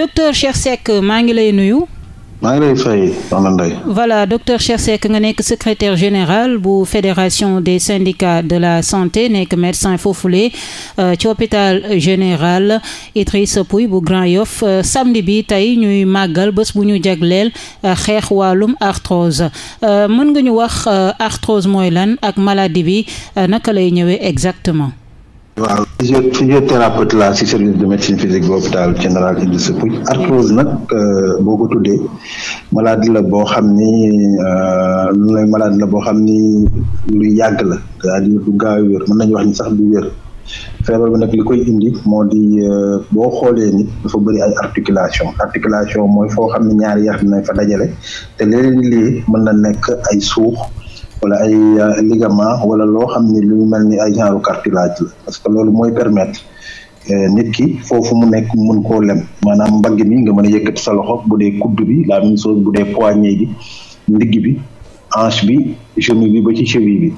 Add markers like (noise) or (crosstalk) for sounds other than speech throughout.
docteur Cheikh maa ngi lay nuyu. maa ngi lay fay Soxna Ndeye. voilà docteur Cheikh Seck nga nekk secretaire général bu fédération des syndicats de la santé nekk médecin foofule euh, ci hôpital général Idrissa Pouye bu Grand yof euh, samedi bi tey ñuy màggal bés bu ñu jagleel euh, xeex wàllum arthrose mën nga ñu wax arthrose mooy lan ak maladie bi naka lay ñëwee exactement. physiothérapeute la ci service de médecine physique bu hôpital général Idrissa Pouye arthrose nag euh, boo ko tuddee malade la boo xam ni euh, lu lay malade la boo xam ni lu yàgg la cest à du gaaw wér mën nañu wax ni sax du wér feebar bi nag li koy indi moo di euh, boo xoolee nit bëri ay articulation articulation mooy foo xam ne ñaar yax dinañ fa dajale te leneen lii mën na nekk ay suux wala ay euh, ligament wala loo xam ni lu mel ni ay genre cartilage la parce que loolu mooy permettre euh, nit ki foofu mu nekk mun koo lem maanaam mbagg mi nga mën a yëkkati sa loxo bu dee coude bi la même chose bu dee poignet bi ndigg bi hanche bi genou bi ba ci cheville bi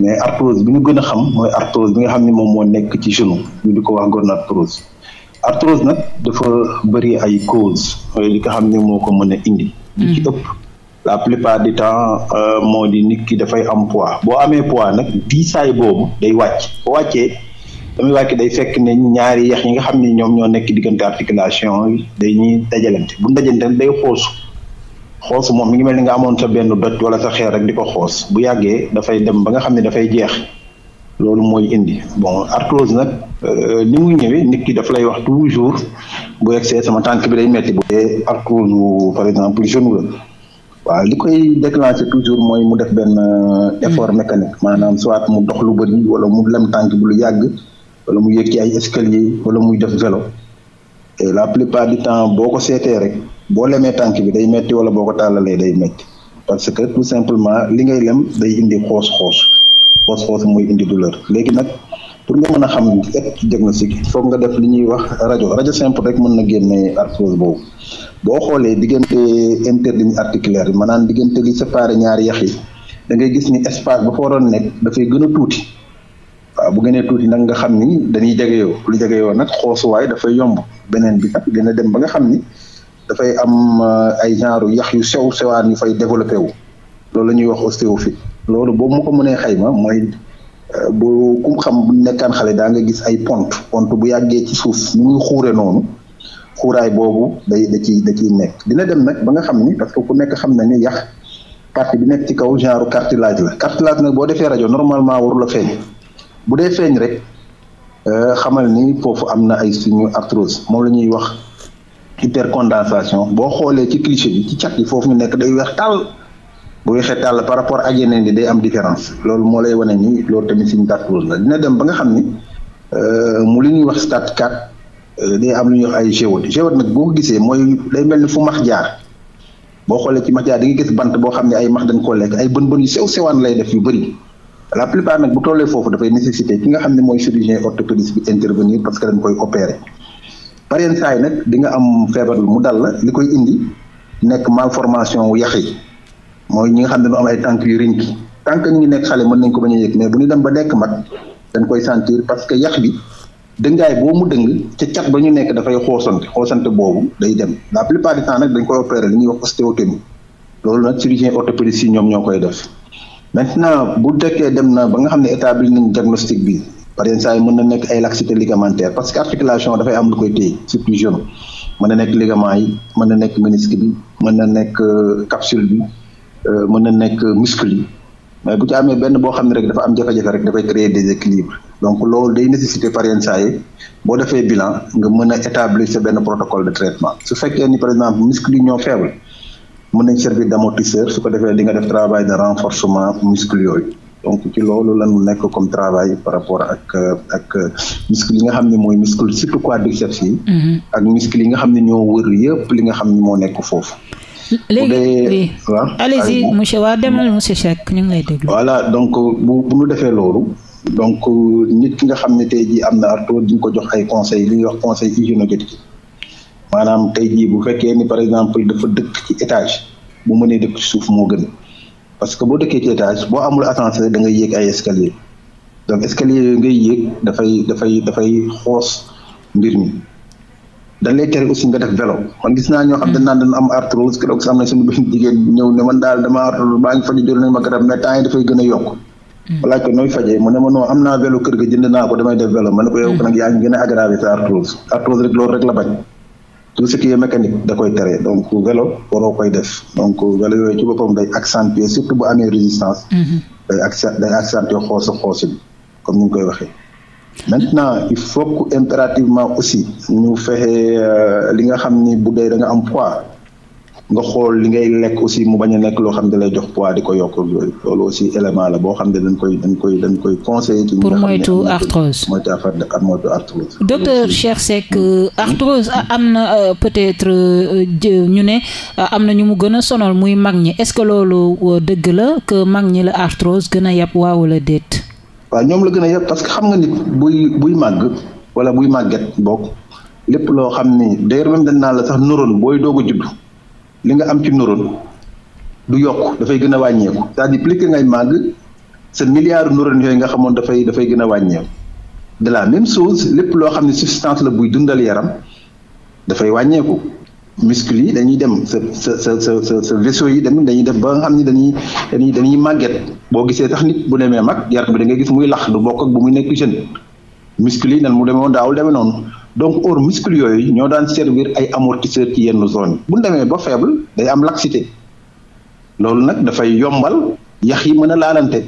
mais arthrose bi ñu gën a xam mooy arthrose bi nga xam ni moom moo nekk ci genou ñu di ko wax gonarthrose arthrose nag dafa bëri ay cause mooy nga xam ne moo ko mën a indi. li ci hmm. ëpp la plupart du temps euh, moo di nit ki dafay am pois boo amee poids nag diisaay boobu day wàcc boo wàccee damay wàcc day fekk ne ñaari yeex yi nga xam ni ñoom ñoo nekk diggante articulation day dañuy dajalante bu dajalante day xoosu xoos moom mi ngi mel ni nga amoon sa benn doj wala sa xeer rek di ko xoos bu yàggee dafay dem ba nga xam ne dafay jeex loolu mooy indi bon arthrose nag euh, ni muy ñëwee nit ki daf lay wax toujours bu yegsee sama tànk bi day metti bu dee arthrose par exemple genou waaw li koy déclenché toujours mooy mu def benn euh, effort mm. mécanique maanaam soit mu dox lu bëri wala mu lem tànk bu lu yàgg wala mu yëg ci ay escalier wala muy def vélo et la plupart du temps boo ko seetee rek boo lemee tànk bi day metti wala boo ko tàllalee day metti parce que tout simplement li ngay lem day indi xoos xoos xoos xoos mooy indi douleur léegi nag pour nga mën a xam def diagnostic foog nga def li ñuy wax rajo rajo simple rek mën na génne arthrose boobu boo xoolee diggante interligne articulaire yi maanaam diggante li séparé ñaari yax yi da ngay gis ni espace ba fa waroon nekk dafay gën a tuuti waaw bu gënee tuuti nag nga xam ni dañuy jegeyoo lu jegeyoo nag xoosuwaay dafay yomb beneen bi kat dina dem ba nga xam ni dafay am euh, ay genre yax yu sew sewaan yu fay développé wu loolu la ñuy wax ostéophyte loolu boo ma mënee xayma mooy. bu kum xam bu nekkaan xale daa nga gis ay pont pont bu yàggee ci suuf nu muy xuure noonu xuuraay boobu day da ciy da ciy nekk dina dem nag ba nga xam ni parce que ku nekk xam na ni yax partie bi nekk ci kaw genre cartilage la cartilage nag boo defee rajo normalement warul a feeñ bu dee feeñ rek euh, xamal ni foofu am na ay suñu arthrose moom la ñuy wax hypercondensation boo xoolee ci cliché bi ci cat yi foofu ñu nekk day weex tàll buy xetaal par rapport ak yeneen yi day am différence loolu moo lay wane ni loolu tamit signe tartose la dina dem ba nga xam ni euh, mu li ñuy wax stade 4 euh, day am lu ñuy wax ay géodes géodes nag boo gisee mooy day mel ni fu max jaar boo xoolee ci max jaar da nga gis bant boo xam ne ay max dañ koo lekk ay bën bën yu sew sewaan lay def yu bëri la plupart nag bu tollee foofu dafay nécessité ki nga xam ne mooy chirurgien orthopédiste bi intervenir parce koy opérer pareen saa yi nag di nga am feebar mu dal la li koy indi nekk malformation wu yax yi mooy ñi nga xam ne dañu am ay tànk yu rënki tant que ñu ngi nekk xale mën nañ ko bañ a yëg mais bu ñu dem ba nekk mag dañ koy sentir parce que yax bi dëngaay boo mu dëng ca cat ba ñu nekk dafay xoosante xoosante boobu day dem la plupart du temps nag dañ koy opérer li ñuy wax ostéotomie loolu nag chirurgien orthopédiste yi ñoom ñoo koy def maintenant bu dekkee dem na ba nga xam ne établi nañ diagnostic bi par exemple saa mën na nekk ay laxité ligamentaire parce que articulation dafay am lu koy téye surtout genou mën na nekk ligament yi mën na nekk ménisque bi mën na nekk euh, capsule bi Euh, mën na nekk muscle yi mais bu ci amee benn boo xam ne rek dafa am jafe-jafe rek dafay créer des équilibres donc loolu day nécessité par saa yi boo defee bilan nga mën a établir benn protocole de traitement su fekkee ni par exemple muscle yi ñoo faible mën nañ servir d'amortisseur su ko defee di nga def travail de renforcement muscle yooyu donc ci loolu lañu nekk comme travail par rapport ak muscle nga xam ne mooy muscle surtout quadriceps yi mm-hmm. ak muscle léegi waaw allez-y monsieur waa dem monsieur Cheikh ñu ngi lay déglu. voilà donc bu bu ñu defee loolu. donc nit ki nga xam ne tey jii am na arto di ko jox ay conseil lu ñuy wax conseil hygiéno-diététique maanaam tey jii bu fekkee ni par exemple dafa dëkk ci étage bu mënee dëkk ci suuf moo gën parce que boo dëkkee ci étage boo amul ascenseur da ngay yéeg ay escalier donc escalier yooyu ngay yéeg dafay dafay dafay xoos mbir mi. dañ lay tere aussi nga def vélo man gis naa ñoo xam na daal arthrose baa a yokk hmm. laaj ko nooy fajee mu am naa vélo kër ga jënd naa ko damay def vélo ma ne ko yow hmm. a aggravé sa arthrose arthrose rek loolu bañ tout ci boppam day accentuer surtout résistance hmm. day accentuer xoosu xoosu bi koy waxee maintenant il faut que impérativement aussi mu fexe euh, li nga xam ni bu dee da nga am poids nga xool li ngay lekk aussi mu bañ a nekk loo xam ne da lay jox poids di ko yokk yooyu loolu aussi élément la boo xam ne dañ koy dañ koy dañ koy conseillé. ci pour moytu arthrose moytu affaire moytu arthrose. docteur Cheikh Seck euh, hmm. arthrose am na euh, peut-être ñu ne am na ñu mu gën a sonal muy mag ñi est-ce que loolu dëgg la que mag ñi la arthrose gën a yab waaw wala déet. waaw ñoom la gën a yëpp parce que xam nga nit buy buy màgg wala buy màgget bokk lépp loo xam ni d'ailleurs même dañ naa la sax neurones booy doog a judd li nga am ci neurones du yokk dafay gën a wàññeeku c'est-à-dire plus que ngay màgg sa milliard neurones yooyu nga xamoon dafay dafay gën a wàññeeku de la même chose lépp loo xam ne substance la buy dundal yaram dafay wàññeeku muscles yi dañuy dem sa sa sa sa sa vaisseau yi dem dañuy def ba nga xam ni dañuy dañuy dañuy màgget boo gisee tax nit bu demee mag yaram bi da ngay gis muy lax du bokk ak bu mu nekk seen muscles yi nan mu demoon daawul demee noonu donc or muscles yooyu ñoo daan servir ay amortisseur ci yenn zone yi bu demee ba faible day am laxité loolu nag dafay yombal yax yi mën a laalante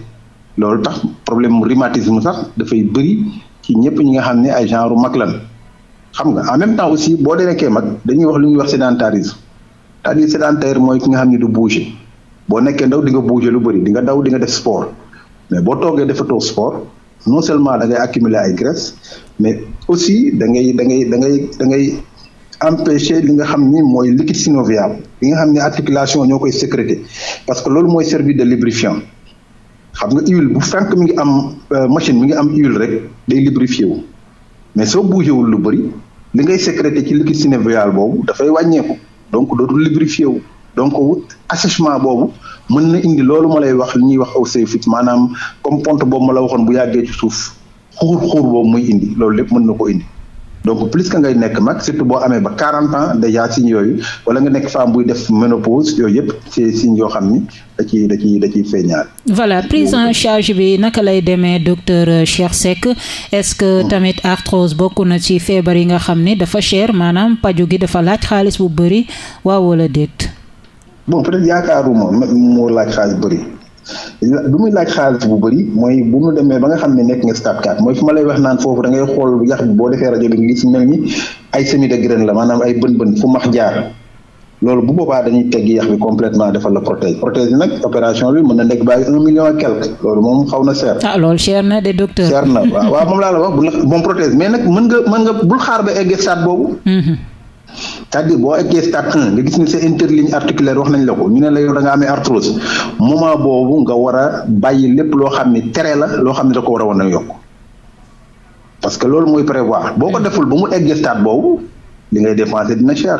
loolu tax problème mu rhumatisme sax dafay bëri ci ñëpp ñi nga xam ne ay genre mag lan xam nga en même temps aussi boo dee nekkee mag dañuy wax lu ñuy wax sédentarisme c'est-à-dire mooy ki nga xam ne du bouger boo nekkee ndaw di nga bouger lu bëri di nga daw di nga def sport mais boo toogee defatoo sport non seulement da ngay accumuler ay graisse mais aussi da ngay da ngay da ngay da ngay empêcher li nga xam ni mooy liquide synovial li nga xam ne articulation ñoo koy sécurité parce que loolu mooy servir de lubrifiant xam nga huile bu fànk mi ngi am euh, machine mi ngi am huile rek day lubrifié wu mais soo bougé wul lu bëri li ngay sécrété ci liquide synovial boobu dafay wàññeeku donc dootul lubrifié wu donc assèchement boobu mën na indi loolu ma lay wax li ñuy wax aw sayfit maanaam comme pont boobu ma la waxoon bu yàggee ci suuf xuur xuur boobu muy indi loolu lépp mën na ko indi donc plus que ngay nekk mag surtout boo amee ba 40 ans déjà signe yooyu wala nga nekk femme buy def ménopause yooyu yëpp c'est yoo xam ni da ciy da voilà prise en charge bi naka lay demee docteur euh, Cheikh Seck est-ce que mm. tamit arthrose bokk na ci feebar yi nga xam ne dafa cher maanaam paju gi dafa laaj xaalis bu bëri waaw wala déet. bon peut-être yaakaaruma moo laaj xaalis bëri lu muy laaj xaalis bu bëri mooy bu mu demee ba nga xam ne nekk nga stade 4 mooy fu ma lay wax naan foofu da ngay xool yax boo defee rajo bi ngi ci mel ni ay semis de graine la maanaam ay bën-bën fu max jaar loolu bu boobaa dañuy teggi yax bi complètement defal la prothèse prothèse bi nag opération bi mën na nekk bàyyi un million et quelque loolu moom xaw na cher. ah loolu cher na de docteur. cher na waaw moom laa la wax bu la moom mais nag mën nga mën nga bul xaar ba egg boobu. Mm-hmm. c'est-à-dire boo eggee stade 1 nga gis ni sa interligne articulaire wax nañ la ñu ne la yow da nga amee arthrose moment boobu nga war a bàyyi lépp loo xam ni tere la loo xam ne da ko war a wan a yokk que loolu mooy prévoir boo ko deful ba mu eggee stade boobu li ngay dépensé dina cher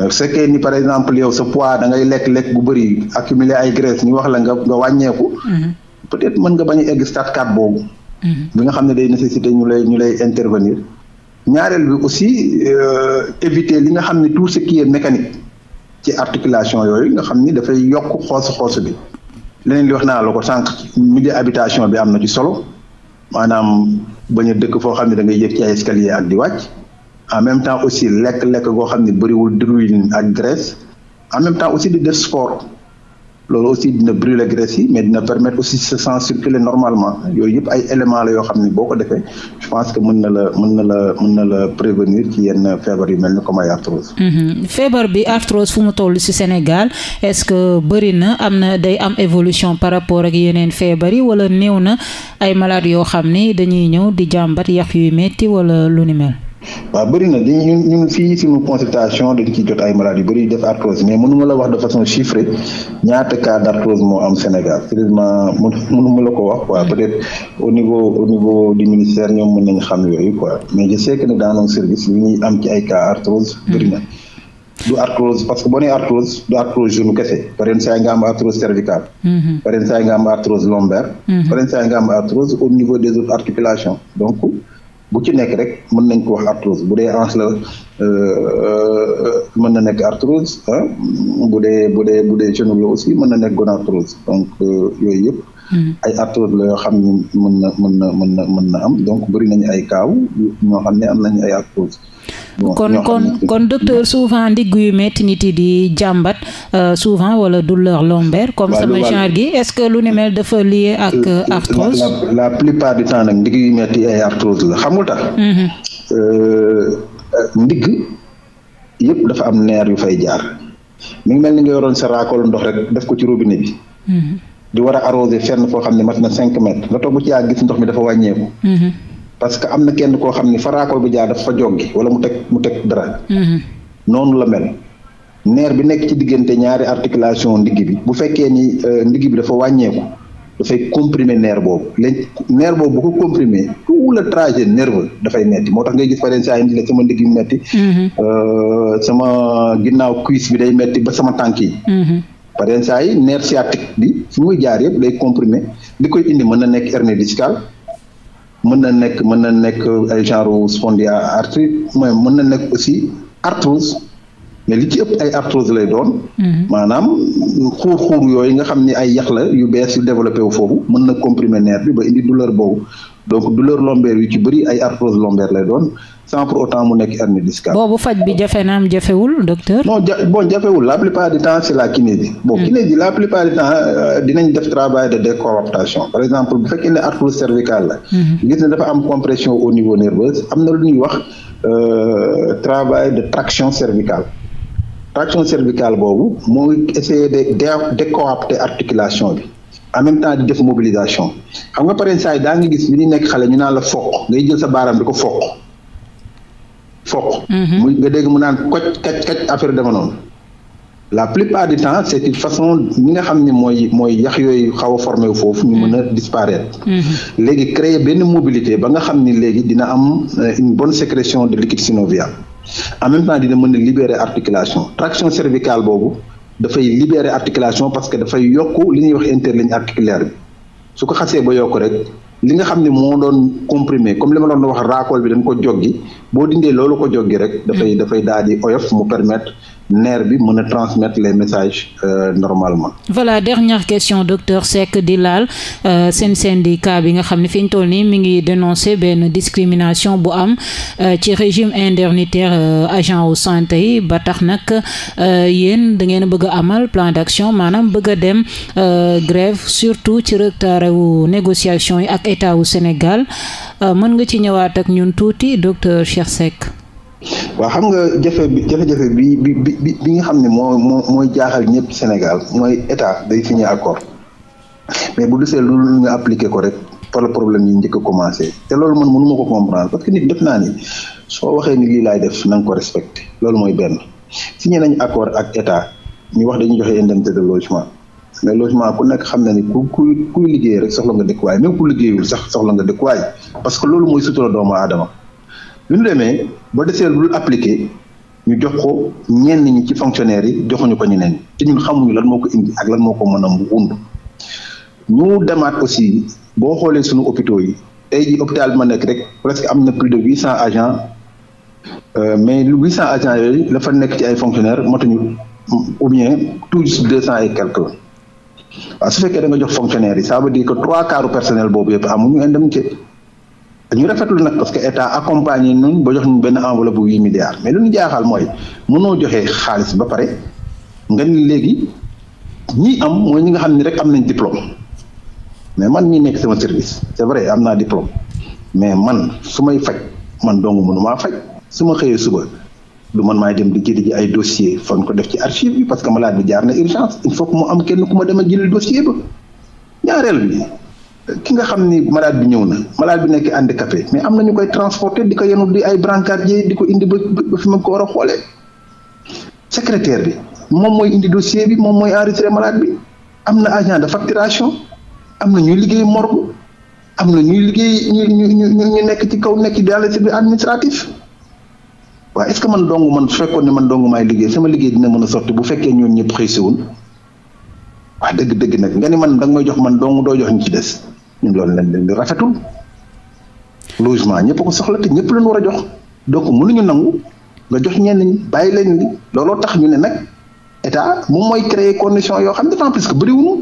su fekkee ni par exemple yow sa poids da ngay lekk lekk bu bëri accumuler ay graisse ñu wax la nga nga wàññeeku. Mm-hmm. peut-être mën nga bañ a egg stade 4 boobu. Mm-hmm. nga xam ne day nécessité ñu lay ñu intervenir. ñaareel bi aussi euh, éviter li nga xam ne tout ce qui est mécanique ci articulation yooyu nga xam ni dafay yokk xoos xoos bi leneen li wax naa la ko sànq milieu habitation bi am na ci solo maanaam bañ a dëkk foo xam ne da ngay yëg ci ay escalier ak di wàcc en même temps aussi lekk-lekk goo xam ne bëriwul diwlin ak graisse en même temps aussi di def sport loolu aussi dina brûler graisse yi mais dina permettre aussi se sang circuler normalement yooyu yëpp ay éléments la yoo xam ni boo ko defee je pense que mun na la mën na la mën na la prévenir ci yenn feebar yu mel ni comme ay arthrose. Mhm. feebar bi arthrose fu mu toll ci Sénégal est-ce que bëri na am na day am évolution par rapport ak yeneen feebar yi wala néew na ay malades yoo xam ni dañuy ñëw di jàmbat yax yuy metti wala lu ni mel. waaw bëri na dañ ñun ñun fii suñu consultation dañ ciy jot ay malades bëri def arthrose mais mënuma la wax de façon chiffrée ñaata cas d' arthrose moo am Sénégal sérieusement mënuma la ko wax quoi hmm. peut être au niveau au niveau du ministère ñoom mën nañu xam yooyu quoi mais je sais que ne dans nos services am ci ay cas arthrose hmm. bëri du arthrose parce que boo nee du arthrose genou kese pareen saa yi nga am arthrose cervicale hmm. pareen saa yi nga am arthrose lombaire pareen saa yi nga au niveau bu ci nekk rek mën nañ ko wax arthrose bu dee hanche la euh, mën na nekk arthrose ah bu dee bu dee bu dee genou aussi mën na nekk gonarthrose donc euh, yooyu yëpp hmm. ay arthrose la xam mën na mën na mën na mën na am donc bëri nañu ay kaw ñoo xam ne am nañu ay arthrose kon kon kon docteur souvent ndigg yu metti nit di jàmbat euh, souvent wala douleur lombaire comme sama genre gi est-ce que lu ni mel dafa lié ak euh, euh, arthrose la plupart du yu metti ay la xamul tax mhm. ndigg yëpp dafa am neer yu fay jaar mi mel ni nga yoroon sa raakool ndox rek def ko ci robinet bi mhm. di war a arroser fenn foo xam ne mat na cinq mètres nga toog ci yàgg gis ndox mi dafa wàññeeku mhm. parce que am na kenn koo xam ni faraakol bi jaa dafa fa joggi wala mu teg mu teg dara. Mm-hmm. noonu la mel. nerf bi nekk ci diggante ñaari articulation ndigg bi bu fekkee ni euh, ndigg bi dafa wàññeeku dafay comprimer nerf boobu léegi nerf boobu bu ko comprimer trajet nerveux dafay metti moo tax ngay gis fa leen saa yi sama ndigg bi metti mm-hmm. euh, sama ginnaaw cuisse bi day metti ba sama tànk yi mm-hmm. par exemple saa bi fu muy jaar yëpp day comprimer li koy indi mën na nekk hernie discale mën na nekk mën na nekk ay genre spondyloarthrite mais mën na nekk aussi arthrose mais li ci ëpp ay arthrose lay doon. Mhm. maanaam xuur xuur yooyu nga xam ni ay yax la yu bees yu développé wu foofu mën na comprimer nerf bi ba indi douleur boobu donc douleur lombaire yu ci bëri ay arthrose lombaire lay doon. sans pour autant mu nekk hernie discale. boobu faj bi jafe naam jafewul docteur. non jafewul la plupart du temps c'est la kinésie. bon hmm. kinésie la plupart du temps euh, dinañ def travail de décooptation par exemple bu fekkee ne arthrose cervicale la. Hmm. Euh, de traction cervicale. traction cervicale boobu moo ngi essayer de décoapter articulation bi en même temps di def mobilisation xam nga pare saa daa ngi gis bi ñu nekk xale ñu naan la foq ngay jël sa baaraam di foq foq. Mhm. muy nga dégg mu naan koj kaj kaj affaire dama la plupart du temps c' est façon ñi nga xam ni mooy mooy yax yooyu xaw a formé wu foofu ñu mën a mhm. disparaître. Mhm. léegi créer benn mobilité ba nga xam ni léegi dina am euh, une bonne sécrétion de liquide synovial en même temps dina mën a libérer articulation traction cervicale boobu dafay libérer articulation parce que dafay yokk li ñuy wax interligne articulaire bi su ko xasee ba yokk rek li nga xam ne moo doon comprimé comme li ma doon wax raakool bi dañ ko joggi boo dindee loolu ko joggi rek dafay mm. dafay daal di oyof mu permettre nerf bi mën a transmettre les messages euh, normalement. voilà dernière question docteur Seck di laal euh, seen syndicat bi nga xam ne fi ñu toll nii mi ngi dénoncer benn discrimination bu am euh, ci régime indemnitaire euh, agent wu santé yi ba tax nag yéen da ngeen bëgg a amal plan d'action maanaam bëgg a dem grève surtout ci retard wu négociation yi ak état wu Sénégal mën nga ci ñëwaat ak ñun tuuti docteur Cheikh Seck. waaw xam nga jafe bi jafe-jafe bi bi bi bi nga xam ne moo moo mooy jaaxal ñëpp Sénégal mooy état day fi signé accord mais bu desee loolu nga appliqué ko rek par le problème yi njëkk commencé te loolu man mënu ma ko comprendre parce def naa ni soo waxee ni lii laay def na nga ko respecté loolu mooy benn signé nañ accord ak état ñu wax dañu joxe indemnité de logement mais logement ku na xam na ni ku ku kuy liggéey rek soxla nga dëkkuwaay même ku liggéeyul sax soxla nga dëkkuwaay parce que loolu mooy sutura doomu aadama bi ñu demee ba deseel lu appliqué ñu jox ko ñenn ñi ci fonctionnaire yi joxuñu ko ñeneen te ñun xamuñu lan moo ko indi ak lan moo ko mën a wund ñu demaat aussi boo xoolee suñu hôpitaux yi tey ji hôpital ma nekk rek presque am na plus de huit cent agents euh, mais huit cent agents yooyu la fa nekk ci ay fonctionnaires matuñu u bien tous deux cent et quelque la waaw su fekkee da nga jox fonctionnaires yi ça veut dire que trois quarts personnel boobu yëpp amuñu indemnité dañu rafetlu nag parce que état accompagné ñun ba jox ñu benn enveloppe bu huit milliards mais lu ñu jaaxal mooy mënoo joxe xaalis ba pare nga ni léegi ñi am mooy ñi nga xam ni rek am nañ diplôme mais man ñi nekk sama service c'est am naa diplôme mais man su may faj man dong mënumaa faj su ma xëyee suba du man maay dem di jëli ji ay dossier fan ko def ci archive bi parce que malade bi jaar na urgence il faut que mu am kenn ku ma dem a jëli dossier ba ñaareel bi ki nga xam ni malade bi ñëw na malade bi nekk handicapé mais am na ñu koy transporter di ko yenu di ay jee di ko indi ba fi ma ko war a xoolee secrétaire bi moom mooy indi dossier bi moom mooy enregistrer malade bi am na agent de facturation am na ñuy liggéey morgue am na ñuy liggéey ñu ñu ñu ñu nekk ci kaw nekk dans le service administratif waaye est-ce que man dong man fekkoon ne man dong maay liggéey sama liggéey dina mën a sotti bu fekkee ñoon ñëpp xëy si woon wax dëgg dëgg nag nga ni man danga may jox man dong doo jox ñu ci des loolu lañ leen di rafetul logement ñëpp ko soxla te ñëpp lañ war a jox mun donc ñu nangu nga jox ñenn ñi bàyyi leen looloo tax ñu ne nag état moom mooy créer condition yoo xam ne en plus que bëriwuñu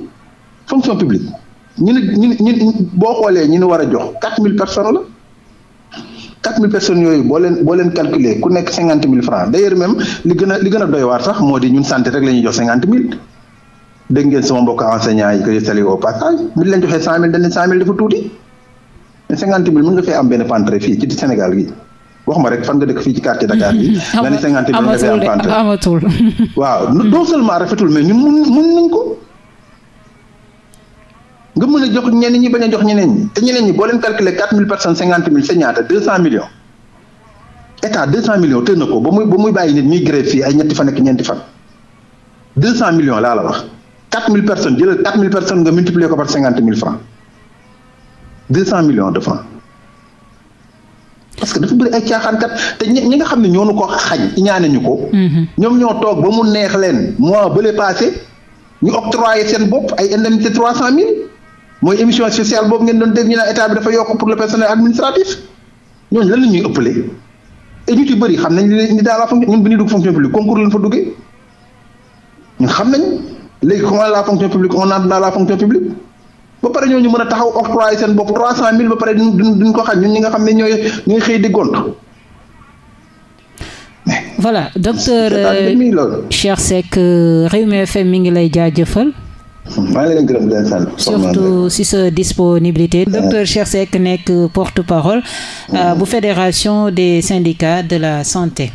fonction publique ñu ne ñu ñu boo xoolee ñu ne war a jox quatre mille personne la quatre mille personnes yooyu boo leen boo leen calculer ku nekk cinquante mille francs d'ailleurs même li gën a li gën a doy waar sax moo di ñun santé rek la ñuy jox cinquante mille dégg ngeen sama mbokk enseignant yi que je salue au passage bi leen joxee cent mille dañ leen cent mille dafa tuuti mais cinquante mille mën nga fee am benn pentre fii ci Sénégal gi wax ma rek fan fii ci quartier (laughs) (laughs) rafetul mais ñun mun nañ ko nga mën a jox ñeneen ñi bañ a jox ñeneen ñi te ñeneen ñi boo leen calculer quatre mille personnes cinquante mille c'est ñaata deux cent millions état deux cent millions tën na ko ba muy ba muy bàyyi nit ñuy grève fii ay ñetti fan ak ñeenti fan deux cent million laa la wax quatre mille personnes jëlal quatre mille personnes nga multiplier ko par cinquante mille francs deux cent millions de francs parce que dafa bëri ay caaxaankat te ñi nga xam ne ñoo nu ko xañ ñaane ñu ko. Mhm. ñoom ñoo toog ba mu neex leen mois bële passé ñu octroyé seen bopp ay indemnité trois cent mille mooy émission spéciale boobu ngeen doon dégg ñu naan état dafa yokk pour le personnel administratif ñooñu lan la ñuy ëppale et ñu ci bëri xam nañ ni daal la fonction ñun bu ñuy dugg fonction publique concours lañ léegi comment la fonction la fonction publique ba pare ñooñu mën a taxaw octroyer seen bopp trois cent mille ba pare duñ duñ ko xañ ñun ñi nga xam ne ñooy ñooy xëy di gont voilà docteur euh, Cheikh Seck euh, Rewmi FM mi ngi lay jaajëfal maa surtout si sa disponibilité eh. docteur Cheikh nekk porte-parole euh, eh. bu fédération des syndicats de la santé